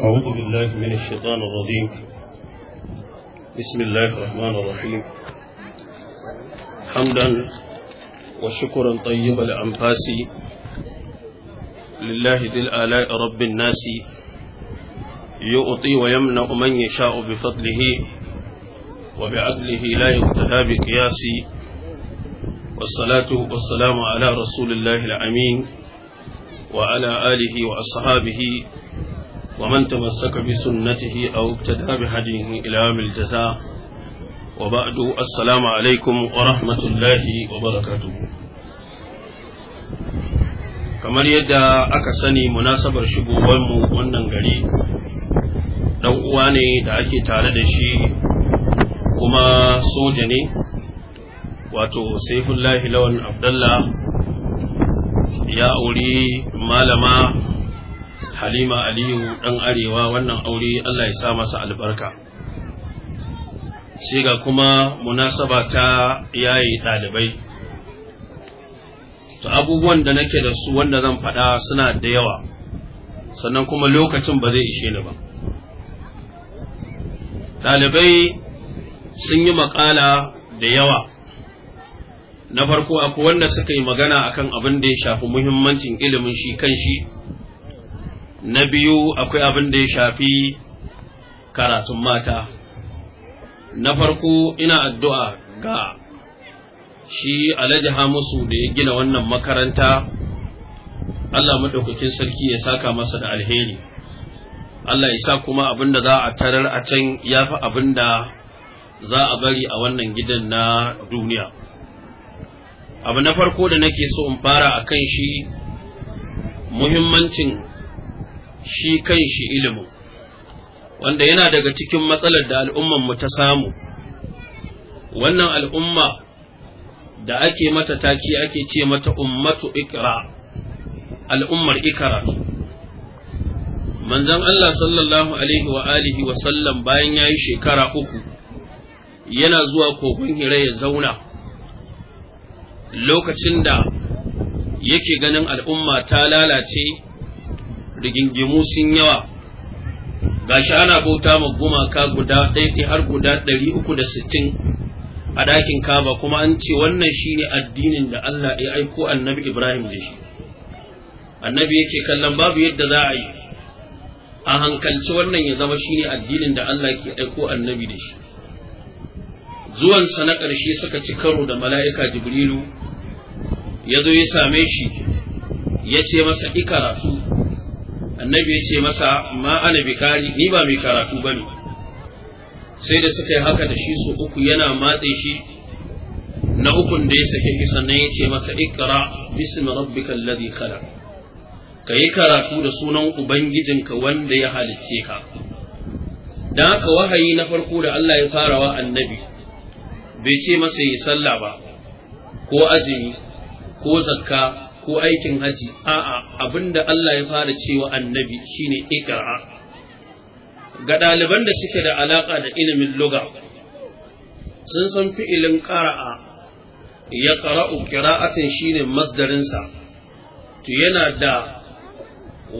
أعوذ بالله من الشيطان الرجيم بسم الله الرحمن الرحيم حمدا وشكرا طيبا لأنفاسي لله ذي الآلاء رب الناس يؤطي ويمنع من يشاء بفضله وبعدله لا يقتدى بقياسي wasalatu wasalamu ala rasulillahi al'amin wa ala alihi wa ashabihi wa man tamassaka bi sunnatihi aw tada bi hadihi ila yawmil jaza wa ba'du assalamu alaikum wa rahmatullahi wa barakatuh kamar yadda aka sani munasabar shigowar wannan gari dan uwa ne da ake tare da shi kuma soja ne wato saifullahi lawan abdallah ya auri malama halima aliyu ɗan arewa wannan aure allah ya sa masa albarka sai ga kuma munasaba ta yayi ɗalibai to abubuwan da nake da su wanda zan faɗa suna da yawa sannan kuma lokacin ba zai ishe ni ba ɗalibai sun yi maƙala da yawa na farko akwai wanda suka yi magana akan abin da ya shafi muhimmancin ilimin shi kan shi na biyu akwai abin da ya shafi karatun mata na farko ina addu'a ga shi alhaji hamusu da ya gina wannan makaranta Allah maɗaukakin sarki ya saka masa da alheri Allah ya sa kuma abin da za a tarar a can ya fi abin da za a bari a wannan gidan na duniya abu na farko da nake so in fara a kan shi muhimmancin shi kan shi ilimin wanda yana daga cikin matsalar da mu ta samu wannan al'umma da ake mata taki ake ce mata ummatu ikra al'ummar ikra manzon Allah sallallahu alaihi wa alihi wa sallam bayan yayi shekara uku yana zuwa kogon hira ya zauna lokacin da yake ganin al'umma ta lalace rigingimu sun yawa Ga shi ana bauta ma gumaka guda ɗaiɗi har guda ɗari uku da sittin a ɗakin kaba kuma an ce wannan shine addinin da Allah ya aiko annabi Ibrahim da shi annabi yake kallon babu yadda za a yi a hankalci wannan ya zama shine addinin da Allah ke aiko annabi da shi zuwansa na ƙarshe suka ci karo da mala'ika Jibrilu ya zo ya same shi ya ce masa ikaratu annabi ya ce masa ma ana bikari ni ba mai karatu ba ne sai da suka yi haka da shi su uku yana matse shi na ukun da ya sake shi sannan ya ce masa ikra bismi rabbika alladhi khalaq ka yi karatu da sunan ubangijinka wanda ya halicce ka dan haka wahayi na farko da Allah ya farawa annabi bai ce masa yi sallah ba ko azumi ko zakka ko aikin haji a'a abinda Allah ya fara cewa annabi shine ikra'a ga ɗaliban da suke da alaka da ilimin lugha sun san fi'ilin qara'a ya qara'u qira'atin shine masdarin sa to yana da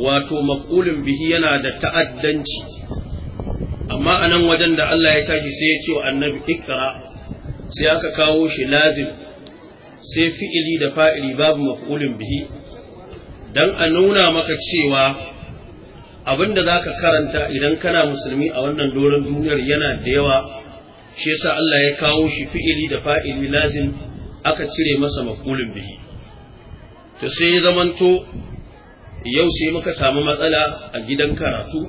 wato maf'ulun bihi yana da ta'addanci amma anan wajen da Allah ya tashi sai ya ce wa annabi ikra sai aka kawo shi lazim sai fi'ili da fa'ili babu maf'ulin bihi dan a nuna maka cewa abin da za ka karanta idan kana musulmi a wannan doron duniyar yana da yawa shi yasa Allah ya kawo shi fi'ili da fa'ili lazim aka cire masa maf'ulin bihi to sai ya zamanto yau sai muka samu matsala a gidan karatu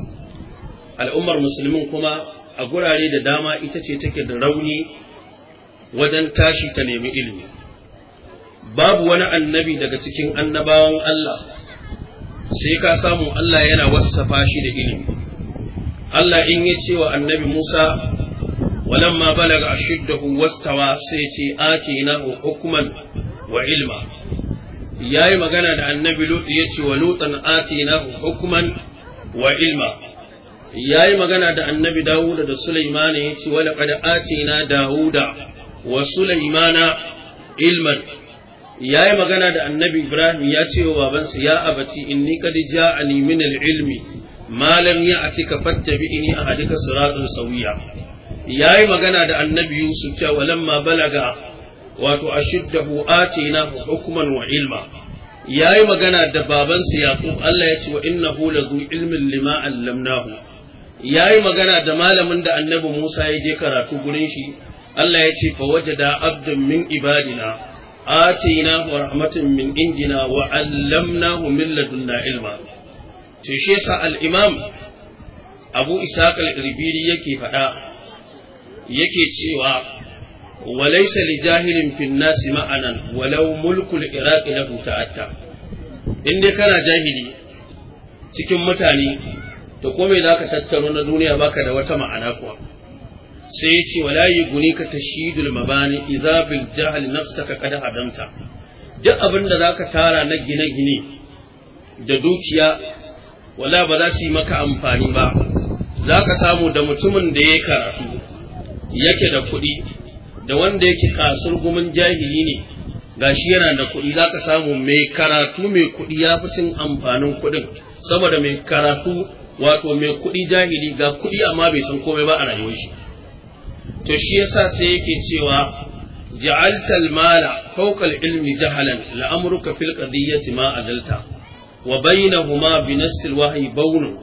al'ummar musulmin kuma a gurare da dama ita ce take da rauni wajen tashi ta nemi ilimi babu wani annabi daga cikin annabawan Allah sai ka samu Allah yana wassafa shi da ilimi Allah in ya ce wa annabi Musa walamma balaga ashiddahu wastawa sai ce ake na hukuman wa ilma Ya yi magana da annabi Lut ya ce wa lutan na hukuman wa ilma Ya yi magana da annabi Dawuda da Sulaiman ya ce wa ake na Dawuda wa Sulaimana ilman ya yi magana da annabi ibrahim ya ce wa babansa ya in ni qad ja a al-ilmi ma lam ya'tika a ahadika siratun sauya. ya yi magana da annabi yusuf cewa ma balaga wato ashiddahu na hukuman wa ilma ya yi magana da babansa yaqub Allah ya ce wa innahu ladhu ilmin lima allamnahu ya yi magana da malamin da annabi musa ya je karatu gurin shi Allah ya ce fa wajada abdun min ibadina آتيناه رحمة من عندنا وعلمناه من لدنا علما تشيس الإمام أبو إسحاق الإربيري يكي فدا يكي تسيوا وليس لجاهل في الناس معنا ولو ملك العراق له تأتى إن كان جاهلي cikin mutane to kome da aka tattaro na duniya baka da wata ma'ana kuwa sai yace wala ka tashidul mabani idza bil jahl nafsaka qad adamta duk abin da zaka tara na gine-gine da dukiya wala ba za su yi maka amfani ba zaka samu da mutumin da ya karatu yake da kuɗi da wanda yake kasur gumin jahili ne gashi yana da kuɗi zaka samu mai karatu mai kuɗi ya fi cin amfanin kuɗin saboda mai karatu wato mai kuɗi jahili ga kuɗi amma bai san komai ba a rayuwar shi to shi yasa sai yake cewa ja'alta al-mala fawqa al-ilmi jahalan la'amruka fil qadiyyati ma adalta wa bainahuma bi nass al-wahyi bawn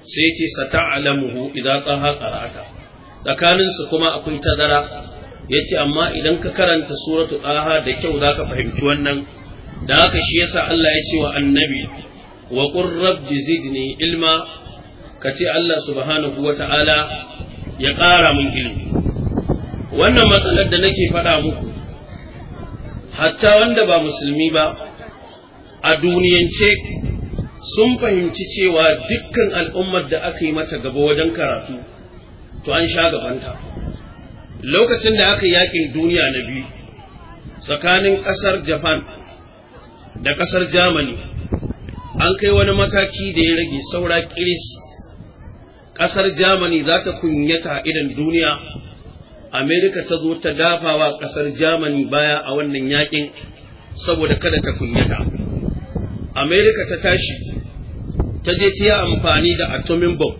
sai yace sata'lamuhu idan qaha qara'ata tsakanin su kuma akwai tazara yace amma idan ka karanta suratu qaha da kyau zaka fahimci wannan da haka shi yasa Allah ya ce wa annabi wa qur rabbi zidni ilma kace Allah subhanahu Ta'ala ya ƙara min ilimi wannan matsalar da nake faɗa muku hatta wanda ba musulmi ba a duniyance sun fahimci cewa dukkan al'ummar da aka yi mata gaba wajen karatu to an sha gabanta lokacin da aka yakin duniya na biyu tsakanin ƙasar japan da ƙasar germany an kai wani mataki da ya rage saura kiris ƙasar germany za ta kunyata idan duniya Amerika ta zo ta dafawa ƙasar Germany baya a wannan yakin saboda kada ta kunyata. Amerika ta tashi ta je ta amfani da atomic bomb.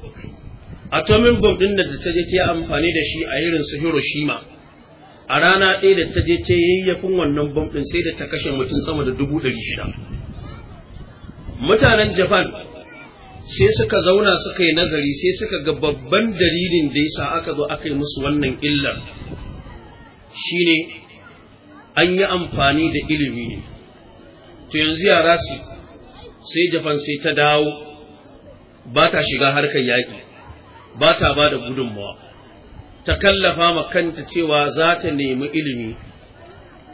Atomic bomb ɗin da ta je ta amfani da shi a irin su Hiroshima. A rana ɗaya da ta je ta yayyafin wannan bomb ɗin sai da ta kashe mutum sama da dubu ɗari shida. Mutanen Japan sai suka zauna suka yi nazari sai suka ga babban dalilin da ya sa aka zo aka yi musu wannan illar shine an yi amfani da ilimi ne to yanzu yara su sai Jafan sai ta dawo ba ta shiga harkar yaƙi ba ta ba da gudunmawa ta kallafa ma kanta cewa za ta nemi ilimi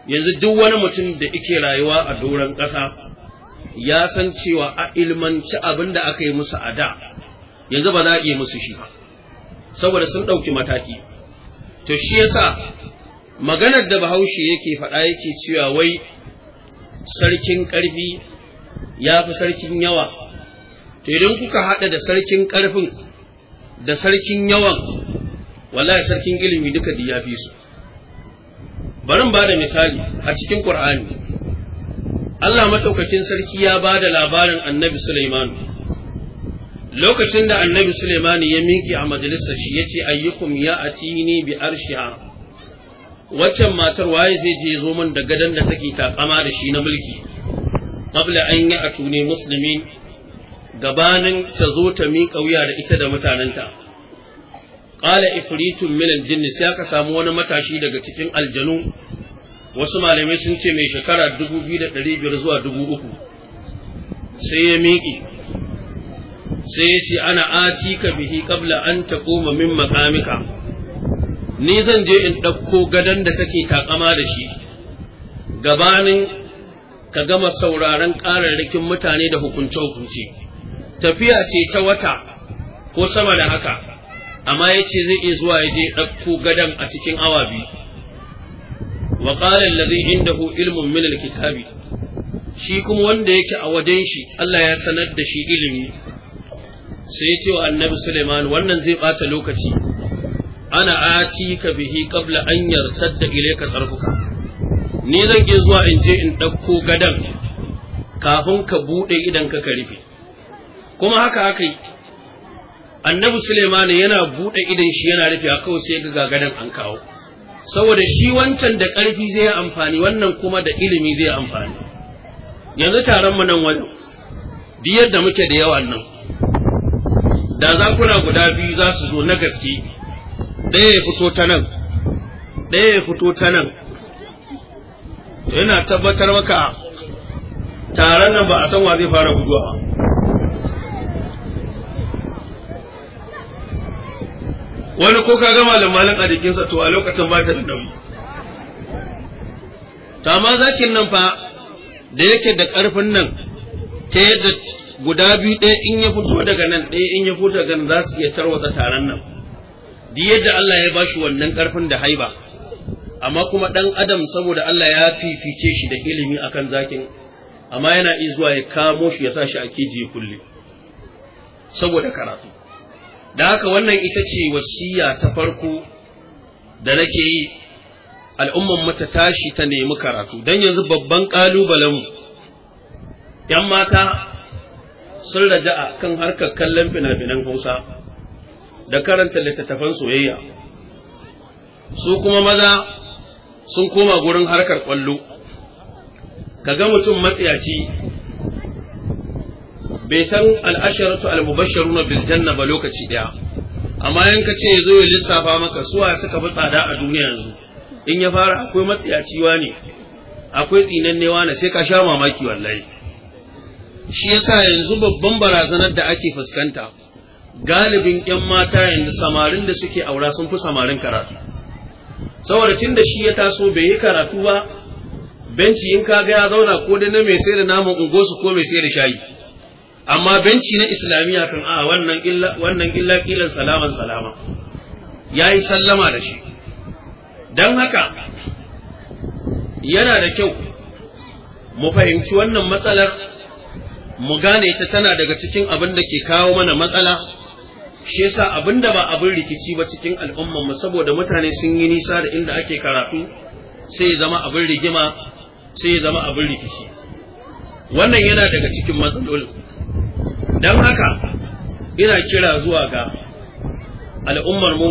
yanzu duk wani mutum da ike rayuwa a doron ƙasa ya san cewa a ilmanci abin da aka yi musu a da yanzu ba za a iya musu shi ba saboda sun ɗauki mataki to shi yasa maganar da bahaushe yake faɗa yake cewa wai sarkin ƙarfi ya fi sarkin yawa to idan kuka haɗa da sarkin ƙarfin da sarkin yawan wallahi sarkin ilimi duka da ya fi su barin ba da misali a cikin ƙur'ani Allah maɗaukakin sarki ya ba da labarin annabi Suleiman. Lokacin da annabi Suleiman ya miƙe a majalisar shi ya ce ayyukum ya a tini bi Waccan matar waye zai je zo min da gadon da take takama da shi na mulki. Qabla an yi a tuni musulmi gabanin ta zo ta miƙa wuya da ita da mutanenta. Ƙala ifritun min aljinni sai aka samu wani matashi daga cikin aljanu wasu malamai sun ce mai shekara 2,500 zuwa 3,000 sai ya miƙi sai ya ce ana ka bihi kabla an ta koma min makamika ni zan je in ɗauko gadon da take takama da shi gabanin ka gama sauraron ƙararrakin mutane da hukunce-hukunce tafiya ce ta wata ko sama da haka amma ya ce zai iya zuwa ya je ɗauko gadon a cikin awa biyu wa qala allazi indahu ilmun min alkitabi shi kuma wanda yake a wajen shi Allah ya sanar da shi ilimi sai ya ce wa annabi Suleiman wannan zai bata lokaci ana ka bihi qabla an yartadda ilayka tarfuka ni zan je zuwa in je in dauko gadan kafin ka bude idan ka rufe kuma haka akai annabi Suleiman yana bude idan shi yana rufe kawai sai ga gadan an kawo saboda shi wancan da ƙarfi zai amfani wannan kuma da ilimi zai amfani yanzu taron mu nan wajen biyar da muke da yawa nan da za zakuna guda biyu za su zo na gaske ɗaya ya fito ta nan ɗaya ya fito ta nan yana tabbatar maka taron nan ba a san wa zai fara guduwa wani ko ka gama malin a jikinsa to a lokacin ba ta da damu. to amma zakin nan fa da yake da ƙarfin nan ta yadda guda biyu ɗaya in ya fito daga nan ɗaya in ya fito daga nan za su iya tarwata taron nan duk yadda Allah ya ba shi wannan ƙarfin da haiba amma kuma ɗan adam saboda Allah ya fifice shi da ilimi akan zakin amma yana iya zuwa ya kamo shi ya sa shi a keji kulle saboda karatu da haka wannan ita ce wasiya ta farko da nake yi al'umman mata tashi ta nemi karatu don yanzu babban ƙalubalenmu ‘yan mata sun a kan harkar kallon fina-finan hausa da karanta littattafan soyayya su kuma maza sun koma gurin harkar ƙwallo ka ga mutum matsiyaci bai san al'asharatu al-mubashsharuna ba lokaci ɗaya. amma yanka ka ce zo ya lissafa maka suwa suka fi tsada a duniya yanzu in ya fara akwai matsiyaciwa ne akwai tsinannewa na, sai ka sha mamaki wallai. shi yasa yanzu babban barazanar da ake fuskanta galibin yan mata yanzu samarin da suke aura sun fi samarin karatu saboda tun da shi ya taso bai yi karatu ba benci in ka ga ya zauna ko da na mai sai da naman su ko mai sai da shayi amma benci na islamiyya kan a wannan illa wannan illa kilan salaman salama yayi sallama da shi dan haka yana da kyau mu fahimci wannan matsalar mu gane ta tana daga cikin abin da ke kawo mana matsala shi yasa abin da ba abin rikici ba cikin al'ummar mu saboda mutane sun yi nisa da inda ake karatu sai ya zama abin rigima sai ya zama abin rikici wannan yana daga cikin matsalolin don haka ina kira zuwa ga al'ummar mu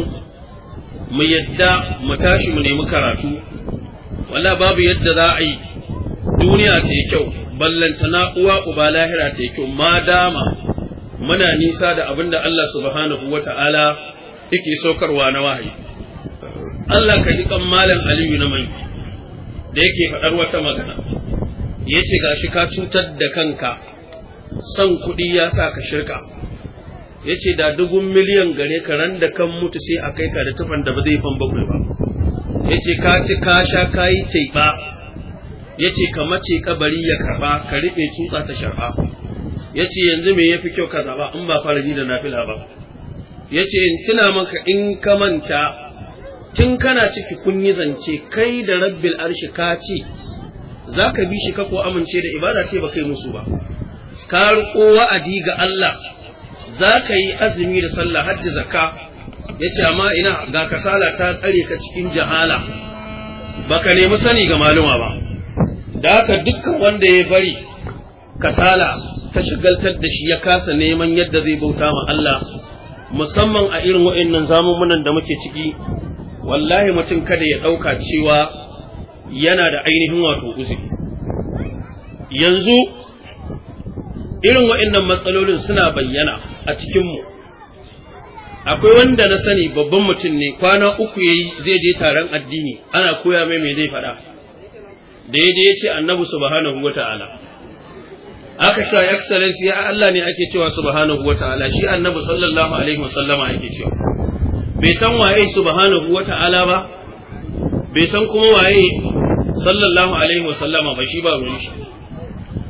mu yadda mu tashi mu nemi karatu walla babu yadda za a yi duniya ta kyau ballantana uwa uba lahira ta kyau ma dama muna nisa da abin da Allah subhanahu wa ta'ala yake saukarwa na wahayi Allah ka ji kan malam Aliyu na mai da yake faɗar wata magana ya gashi ka cutar da kanka son kuɗi ya sa ka shirka ya ce da dubun miliyan gare ka ran da kan mutu sai a kai ka da tufan da ba zai fan bakwai ba ya ce ka ci ka sha ka yi taiɓa ya ce ka mace kabari ya karɓa ka riɓe tutsa ta shar'a ya ce yanzu me ya fi kyau ka zaɓa in ba fara da nafila ba ya ce in tuna maka in ka manta tun kana ciki kun yi zance kai da rabbil arshi ka ce za ka bi shi ka ko amince da ibada ce ba kai musu ba ka riko wa'adi ga Allah za ka yi azumi da sallah hajji zakka ya ce amma ina ga kasala ta tsare ka cikin jahala ba ka nemi sani ga maluma ba da haka dukkan wanda ya bari kasala ta shigaltar da shi ya kasa neman yadda zai bauta ma Allah musamman a irin wa'annan zamumunan da muke ciki wallahi mutum kada ya ɗauka cewa yana da ainihin wato uzuri yanzu irin wa'annan matsalolin suna bayyana a cikinmu akwai wanda na sani babban mutum ne kwana uku ya yi zai je taron addini ana koya mai mai zai faɗa da ya je ya ce annabi subhanahu wa ta'ala aka cewa excellency ya Allah ne ake cewa subhanahu wa ta'ala shi annabi sallallahu alaihi wasallama ake cewa bai san waye subhanahu wa ta'ala ba bai san kuma waye sallallahu alaihi wasallama ba shi ba wani shi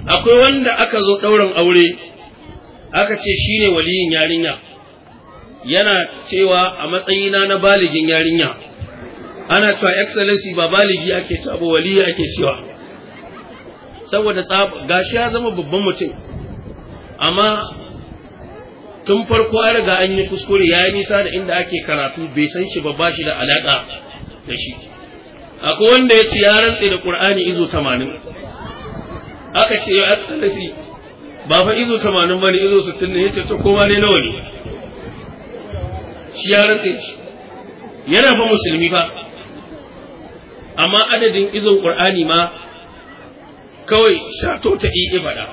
akwai wanda aka zo ɗaurin aure aka ce shi ne waliyin yarinya yana cewa a matsayina na baligin yarinya ana cewa excellency ba baligi ake cewa ba waliyi ake cewa saboda gashi ya zama babban mutum amma tun farko an riga an yi kuskure ya yi nisa da inda ake karatu bai san shi ba ba shi da alaƙa da shi akwai wanda ya ce ya rantse da ƙur'ani izo tamanin aka ce ya tsallafi ba fa izo 80 bane izo 60 ne yace to koma ne nawa ne shi ya rantsa shi yana fa musulmi ba amma adadin izon qur'ani ma kawai shato ta iya ibada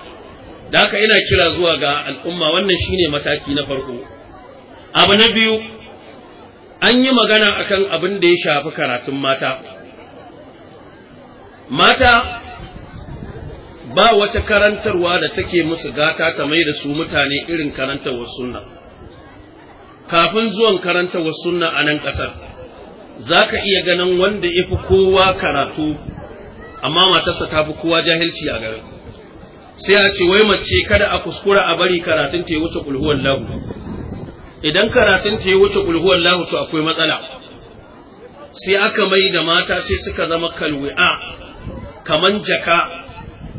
da haka ina kira zuwa ga al'umma wannan shine mataki na farko abu na biyu an yi magana akan abin da ya shafi karatun mata mata ba wata karantarwa da take musu gata ta mai da su mutane irin karantarwar sunna kafin zuwan karantarwar sunna a nan ƙasar za ka iya ganin wanda ya fi kowa karatu amma matarsa ta fi kowa jahilci a garin sai a ce wai mace kada a kuskura a bari karatun ta ya wuce kulhuwar lahu idan karatun ta ya wuce kulhuwar lahu to akwai matsala sai aka mai da mata sai suka zama kalwi'a kaman jaka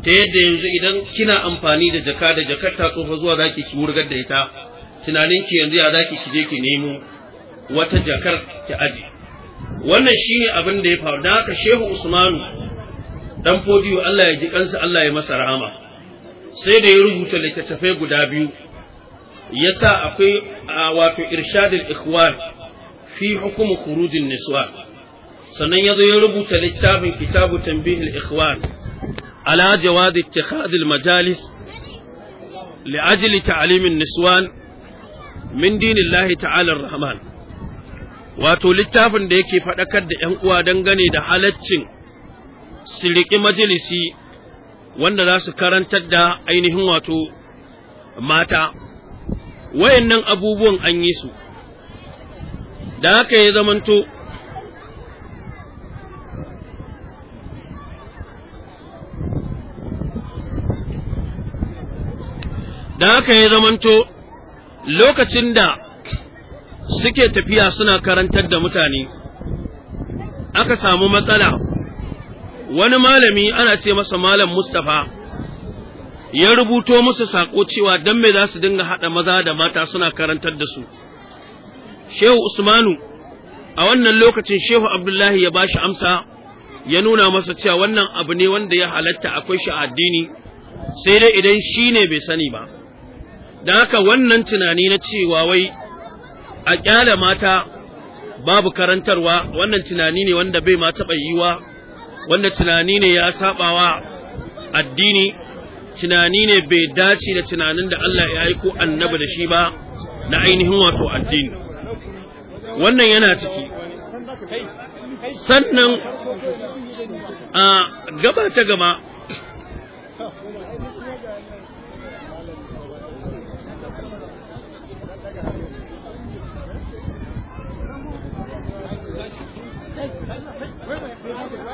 ta yadda yanzu idan kina amfani da jaka da jakar ta tsofa zuwa zaki ki wurgar da ita tunanin ki yanzu ya zaki ki je ki nemo wata jakar ki aje wannan shi ne abin da ya faru dan haka Shehu Usmanu dan fodiyo Allah ya ji kansa Allah ya masa rahama sai da ya rubuta littattafai guda biyu ya sa akwai wato Irshadin ikhwan fi hukum khurujin niswa sannan ya zo ya rubuta littafin kitabu tanbihil ikhwan على جواز اتخاذ المجالس لأجل تعليم النسوان من دين الله تعالى الرحمن wato littafin da yake faɗakar da ‘yan uwa dangane da halaccin siriki majalisi wanda za su karantar da ainihin wato mata wayannan abubuwan an yi su da haka ya zamanto da haka ya zamanto lokacin da suke tafiya suna karantar da mutane aka samu matsala wani malami ana ce masa malam Mustapha ya rubuto musu sako cewa dan me za su dinga haɗa maza da mata suna karantar da su Shehu Usmanu a wannan lokacin Shehu Abdullahi ya bashi amsa ya nuna masa cewa wannan abu ne wanda ya halatta akwai shi addini sai dai idan shi ne bai sani ba da haka wannan tunani na cewa wai a ƙyale mata babu karantarwa wannan tunani ne wanda bai ma taɓa yiwa wanda tunani ne ya saɓawa addini tunani ne bai dace da tunanin da Allah ya aiko annabi da shi ba na ainihin wato addini wannan yana ciki sannan a gaba ta gaba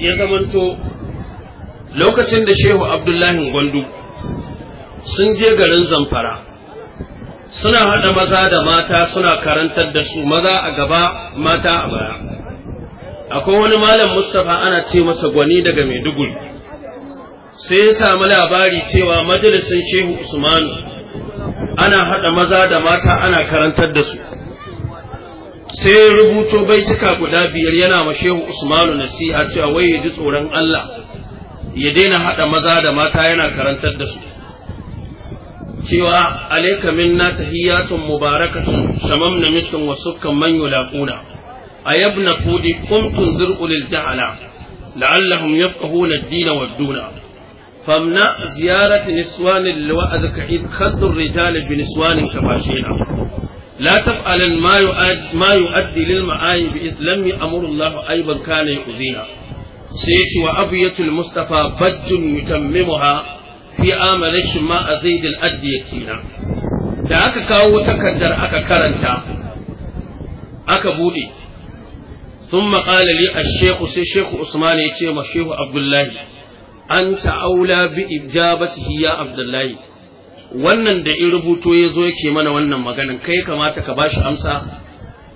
ya zamanto lokacin da shehu abdullahi gwandu sun je garin zamfara suna haɗa maza da mata suna karantar da su maza a gaba mata a baya akwai wani malam mustapha ana ce masa gwani daga maiduguri sai ya samu labari cewa majalisin shehu usmanu ana haɗa maza da mata ana karantar da su sai ya rubuto baituka guda biyar yana ma shehu usmanu nasiha cewa wai ya ji tsoron Allah ya daina haɗa maza da mata yana karantar da su cewa alaika minna tahiyatun mubarakatun samamna miskin wa sukkan man yulaquna ayabna fudi qumtun zirqul jahala la'allahum yafqahuna ad-din wa ad-duna famna ziyarar niswan al-wa'd ka'id khaddu rijal bi niswan لا تفعل ما يؤدي ما يؤدي للمعايب إذ لم يأمر الله عيبا كان يؤذيها سيتي وأبية المصطفى بج يتممها في آمل ما أزيد الأدية فينا da aka kawo takardar aka karanta aka bude sun maƙala li a sheku sai sheku usman ya ce ma shehu abdullahi an ta'aula bi ijabatihi ya abdullahi wannan da in rubuto ya zo yake mana wannan maganin kai kamata ka bashi amsa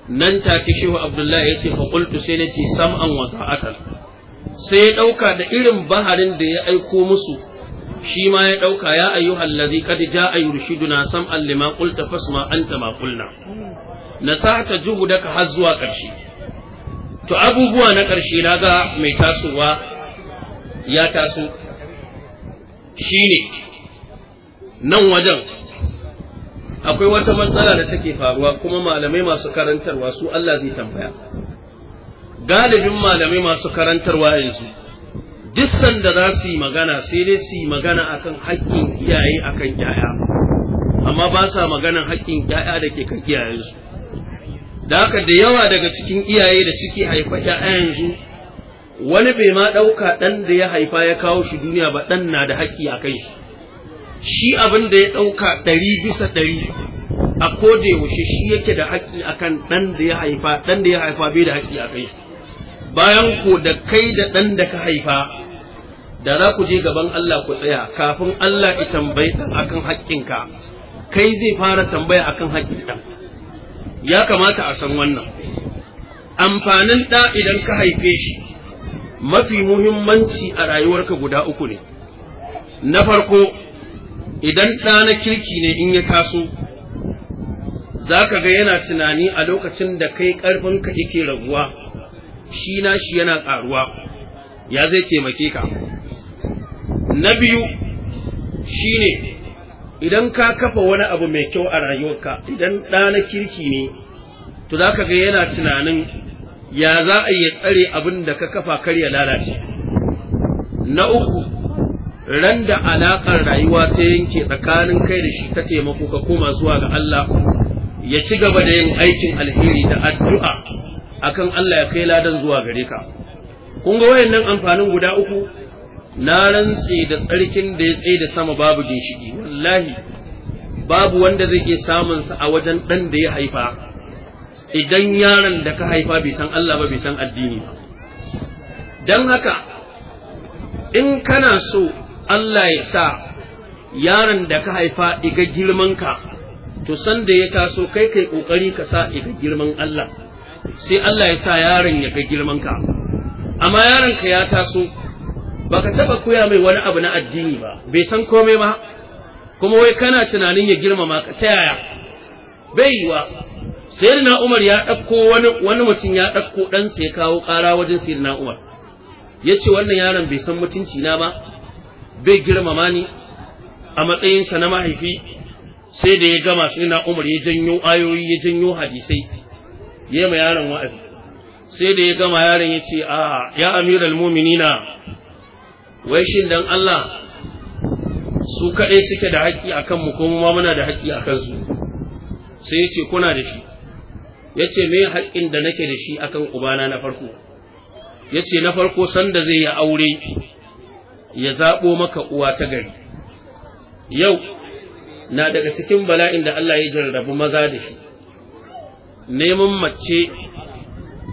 nan ta take shehu abdullahi ya ce fa qultu sai nace sam'an wa ta'atan sai ya ɗauka da irin baharin da ya aiko musu shi ma ya ɗauka ya ayyuhal ladhi qad jaa yurshiduna sam'an lima qulta fasma anta ma qulna juhu daka har zuwa ƙarshe. to abubuwa na karshe naga mai tasowa ya taso shine nan wajen akwai wata matsala da take faruwa kuma malamai masu karantarwa su Allah zai tambaya galibin malamai masu karantarwa yanzu duk sanda za su yi magana sai dai su yi magana akan haƙƙin iyaye akan yaya amma ba sa maganan haƙƙin yaya da ke kan iyayensu da haka da yawa daga cikin iyaye da suke haifa ‘ya'ya yanzu wani bai ma ɗauka ɗan da ya haifa ya kawo shi duniya ba ɗan na da haƙƙi a kai shi shi abin da ya ɗauka ɗari bisa ɗari a koda yaushe shi yake da haƙƙi akan ɗan da ya haifa ɗan da ya haifa bai da haƙƙi a kai bayan ko da kai da ɗan da ka haifa da za ku je gaban Allah ku tsaya kafin Allah ya tambayi ɗan akan haƙƙinka kai zai fara tambaya akan haƙƙin ɗan ya kamata a san wannan amfanin ɗa idan ka haife shi mafi muhimmanci a rayuwarka guda uku ne na farko idan ɗa na kirki ne in ya taso za ka ga yana tunani a lokacin da kai ƙarfinka yake raguwa shi na shi yana ƙaruwa ya zai taimake ka na biyu shi ne idan ka kafa wani abu mai kyau a rayuwarka idan ɗana kirki ne to za ka ga yana tunanin ya za a iya tsare abin da ka kafa kar ya lalace na uku ran da alaƙar rayuwa ta yanke tsakanin kai da shi ta taimako ka koma zuwa ga Allah ya ci gaba da yin aikin alheri da addu'a akan Allah ya kai ladan zuwa gare ka kun ga wayannan amfanin guda uku na rantse da tsarkin da ya tsaye da sama babu ginshiki wallahi babu wanda zai iya samun sa a wajen dan da ya haifa idan yaron da ka haifa bai san Allah ba bai san addini ba dan haka in kana so Allah ya sa yaron da ka haifa iga girman ka to sanda ya taso kai kai kokari ka sa iga girman Allah sai Allah ya sa yaron ya ga girman ka amma yaron ka ya taso Ba ka taɓa koya mai wani abu na addini ba bai san komai ba kuma wai kana tunanin ya girmama ka ta yaya bai yi yiwa sayyidina Umar ya ɗauko wani mutum ya ɗakko ɗansa ya kawo ƙara wajen sayyidina Umar ya ce wannan yaron bai san mutunci na ba bai girmama ni a matsayinsa na mahaifi sai da ya gama sai na umar ya janyo ayoyi ya janyo hadisai ya ma yaron wa'azi sai da ya gama yaron ya ce a ya amiral muminina wai shin dan Allah su kaɗai suke da haƙƙi a kanmu ko mu ma muna da haƙƙi a kansu sai ya ce kuna da shi ya ce me haƙƙin da nake da shi akan ubana na farko ya ce na farko sanda zai yi aure ya zaɓo maka uwa ta gari yau na daga cikin bala'in da Allah ya jarrabu maza da shi neman mace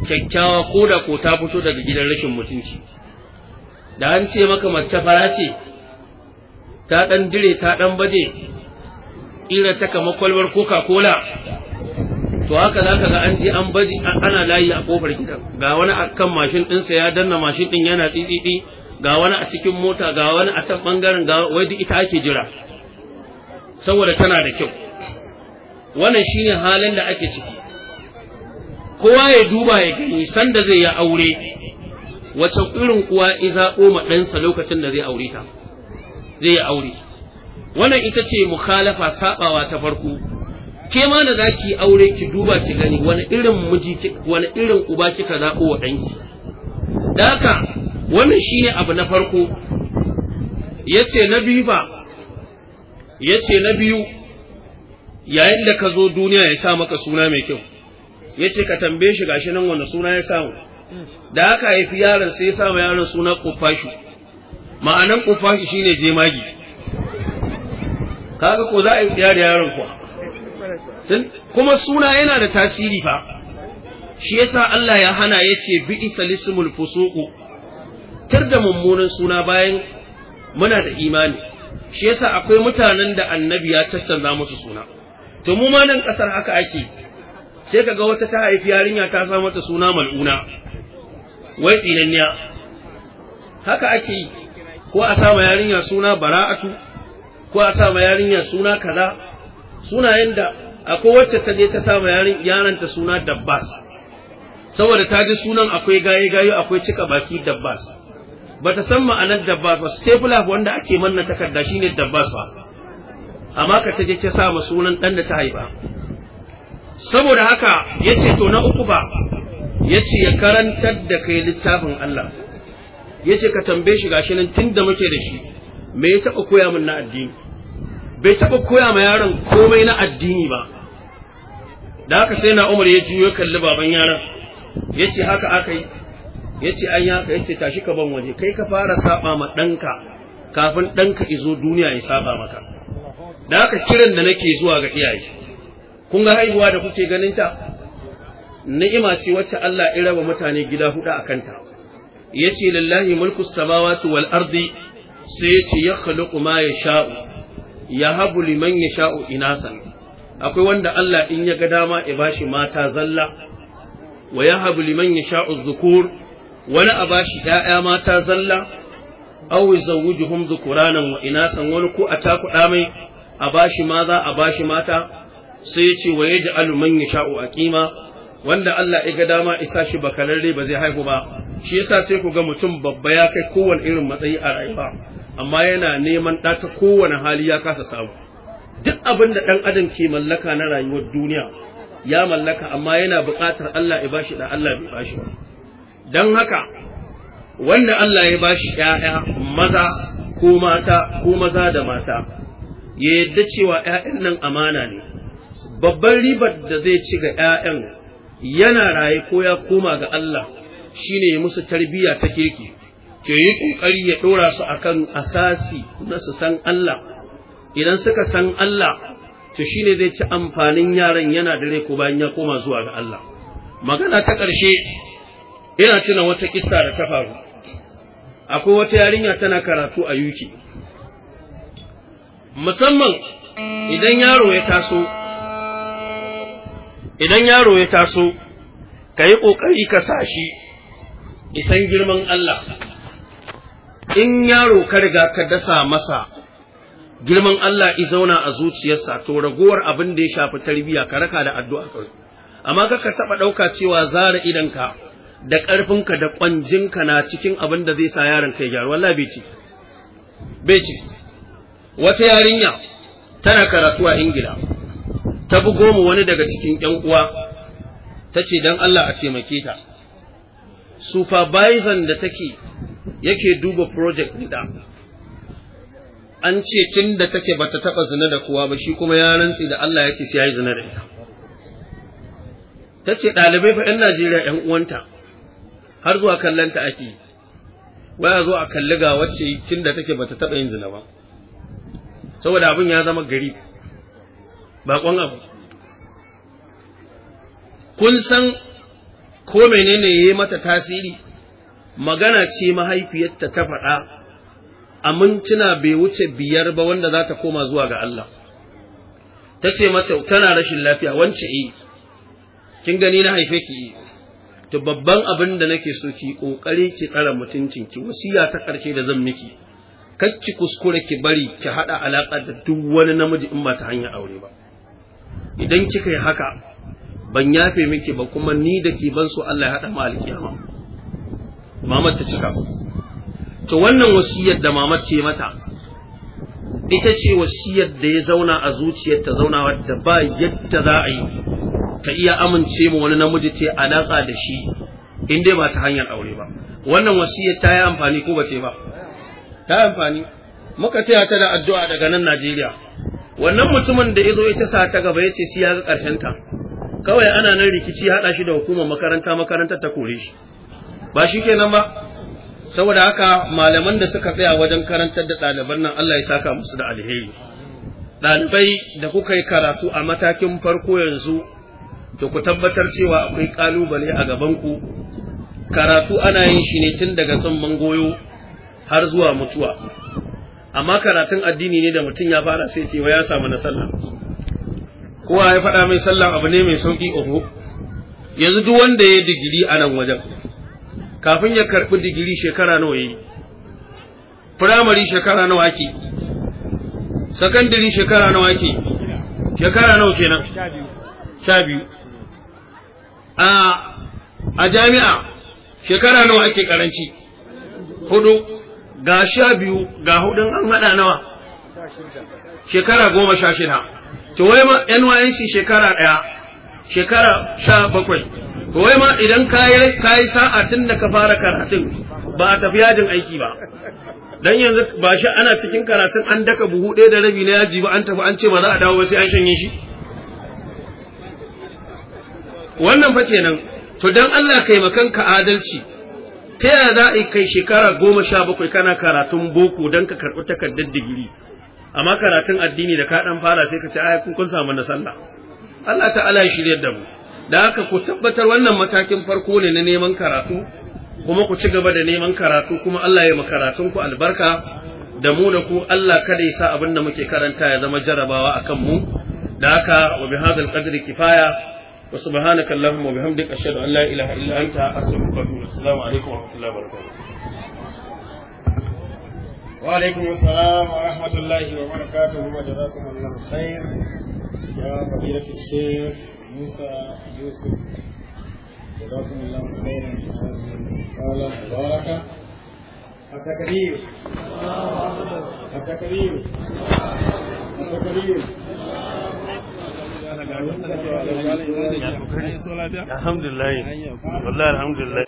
kyakkyawa ko da ko ta fito daga gidan rashin mutunci da an ce maka mace fara ce ta ɗan dire ta ɗan bade, ƙira ta kama kwalbar coca-cola to haka za ka ga an je an baje ana layi a ƙofar gidan ga wani akan mashin ɗinsa ya danna mashin ɗin yana ɗiɗiɗi ga wani a cikin mota ga wani a can bangaren ga wai duk ita ake jira saboda tana da kyau wannan shine halin da ake ciki kowa ya duba ya gani sanda zai yi aure wacce irin kuwa iza ma ɗansa lokacin da zai aure ta zai yi aure wannan ita ce mukhalafa saɓawa ta farko ke ma da zaki aure ki duba ki gani wani irin miji wani irin uba kika zaɓo wa ɗanki da haka wannan shi ne abu na farko ya ce na biyu ba ce na biyu yayin da ka zo duniya ya sa maka suna mai kyau Ya ce ka tambaye shi gashi nan wani suna ya samu da haka haifi yaron sai ya samu yaron suna kufashi ma'anan kufashi ne jemagi kaga ko za a yi da yaron kuwa kuma suna yana da tasiri fa shi ya sa Allah ya hana ya ce bi isalismul fusuqu fitar da mummunan suna bayan muna da imani shi yasa akwai mutanen da annabi ya tattauna musu suna to mu ma nan kasar haka ake sai kaga wata ta haifi yarinya ta samu ta suna mal'una wai tsinanniya haka ake yi ko a sa ma yarinya suna bara'atu ko a sa ma yarinya suna kaza sunayen da akwai wacce ta je ta sa ma yarin yaranta suna dabbas saboda ta ji sunan akwai gaye gaye akwai cika baki dabbas bata san ma'anar dabbas ba stapler wanda ake manna takarda shine dabbas ba amma ka taje je ta sa sunan dan da ta haifa saboda haka yace to na uku ba yace ya karantar da kai littafin Allah yace ka tambaye shi gashi nan tunda muke da shi me ya taba koya min na addini bai taba koya ma yaron komai na addini ba da haka sai na Umar ya juyo kalli baban yaron yace haka aka yi yace an yaka haka yace tashi ka ban waje kai ka fara saba ma danka kafin danka izo duniya ya saba maka da haka kiran da nake zuwa ga iyaye kun ga haihuwa da kuke ganin ta ni'ima ce wacce Allah ya raba mutane gida hudu akan ta yace lillahi mulku samawati wal ardi sai yace ya ma yasha'u yahabu liman yasha inasan akwai wanda Allah in ya ga dama ya bashi mata zalla wa yahabu liman yasha'u dhukur wani a bashi ‘ya'ya mata zalla, au zawujuhum dhukuranan wa san wani ko a takuɗa mai a bashi maza a bashi mata sai ya ce wa ya sha'o a kima wanda Allah ya ga dama isa shi bakararre ba zai haihu ba shi yasa sai ku ga mutum babba ya kai kowane irin matsayi a rayuwa amma yana neman ɗa ta kowane hali ya kasa samu duk abin da ɗan adam ke mallaka na rayuwar duniya ya mallaka amma yana buƙatar Allah ya bashi da Allah bai bashi ba don haka wanda Allah ya bashi ‘ya'ya maza ko mata ko maza da mata ya yadda cewa ‘ya'yan nan amana ne babban ribar da zai ci ga ‘ya'yan yana raye ko ya koma ga Allah shine ya musu tarbiyya ta kirki ke yi ƙoƙari ya ɗora su akan asasi na su san Allah idan suka san Allah to shine zai ci amfanin yaran yana dare ko bayan ya koma zuwa ga Allah magana ta ƙarshe ina tuna wata kissa da ta faru akwai wata yarinya tana karatu a yuki musamman idan yaro ya taso idan yaro ya taso ka yi ƙoƙari ka sa shi isan girman Allah in yaro ka riga ka dasa masa girman Allah izauna a zuciyarsa to ragowar abin da ya shafi tarbiyya ka raka da addu'a kawai amma kaka taɓa ɗauka cewa zara idanka da ƙarfinka da ƙwanjinka na cikin abin da zai sa yaron kai gyaru wallahi bai ci bai ci wata yarinya tana karatu a ingila ta bugo mu wani daga cikin ƴan uwa ta ce don Allah a taimake ta supervisor da take yake duba project ɗin an ce cin da take ta taɓa zina da kowa ba shi kuma ya rantsi da Allah ya ce sai yi zina da ita ce ɗalibai fa 'yan Najeriya 'yan uwanta har zuwa ta ake yi waya zo a kalli ga wacce tun da take bata taɓa yin zina ba saboda abin ya zama gari baƙon abu kun san ko menene ya yi mata tasiri magana ce mahaifiyarta ta faɗa amincina bai wuce biyar ba wanda za ta koma zuwa ga Allah ta ce mata tana rashin lafiya wance yi eh. kin gani na haife ki yi eh. to babban abin da nake so ki kokare ki tsara mutuncin ki wasiya ta karshe da zan miki kar ki kuskure ki bari ki hada alaka da duk wani namiji in ba ta hanyar aure ba idan kika yi haka ban yafe miki ba kuma ni da ki ban so Allah ya hada mu alkiyama mamar ta cika to wannan wasiyar da mamar ce mata ita ce wasiyar da ya zauna a zuciyar ta zaunawa da ba yadda za a yi ta iya amince ma wani namiji ce a alaka da shi in dai ba ta hanyar aure ba wannan wasiyar ta yi amfani ko ba ce ba ta amfani muka taya ta da addu'a daga nan Najeriya wannan mutumin da ya zo ita sa ta gaba ya ce siya ya ga ƙarshen ta kawai ana nan rikici haɗa shi da hukumar makaranta makarantar ta kore shi ba shi kenan ba saboda haka malaman da suka tsaya wajen karantar da ɗaliban nan Allah ya saka musu da alheri ɗalibai da kuka yi karatu a matakin farko yanzu to ku tabbatar cewa akwai kalubale a gabanku karatu ana yin shi ne tun daga tsamman goyo har zuwa mutuwa amma karatun addini ne da mutum ya fara sai cewa ya samu na sallah kowa ya faɗa mai sallah abu ne mai sauƙi oho yanzu duk wanda ya digiri a nan wajen kafin ya karɓi digiri shekara nawa ya yi firamare shekara nawa ke? sakandare shekara nawa ke? shekara nawa kenan sha biyu a jami'a shekara nawa ake karanci hudu ga sha biyu ga hudun an hada nawa shekara goma sha shida to wai ma NYC shekara daya shekara sha bakwai to wai ma idan kayi kayi sa'a tun da ka fara karatun ba a tafi yajin aiki ba dan yanzu ba shi ana cikin karatun an daka buhu ɗaya da rabi na yaji ba an tafi an ce ba za a dawo ba sai an shanye shi wannan fa kenan to dan Allah kai makanka adalci ta yaya za a kai shekara goma sha bakwai kana karatun boko don ka karɓi takardar digiri amma karatun addini da kaɗan fara sai ka ce ai kun samu na sallah Allah ta'ala ya shirya da mu da haka ku tabbatar wannan matakin farko ne na neman karatu kuma ku ci gaba da neman karatu kuma Allah ya makaratun ku albarka da mu da ku Allah kada ya sa abin da muke karanta ya zama jarabawa akan mu da haka wa bihadal qadri kifaya وسبحانك اللهم وبحمدك أشهد أن لا إله إلا أنت أستغفرك وأتوب السلام عليكم ورحمة الله وبركاته وعليكم السلام ورحمة الله وبركاته وجزاكم الله خير يا فضيلة الشيخ موسى يوسف جزاكم الله خيرا قال مباركة التكريم التكريم التكريم alhamdulillah wallahi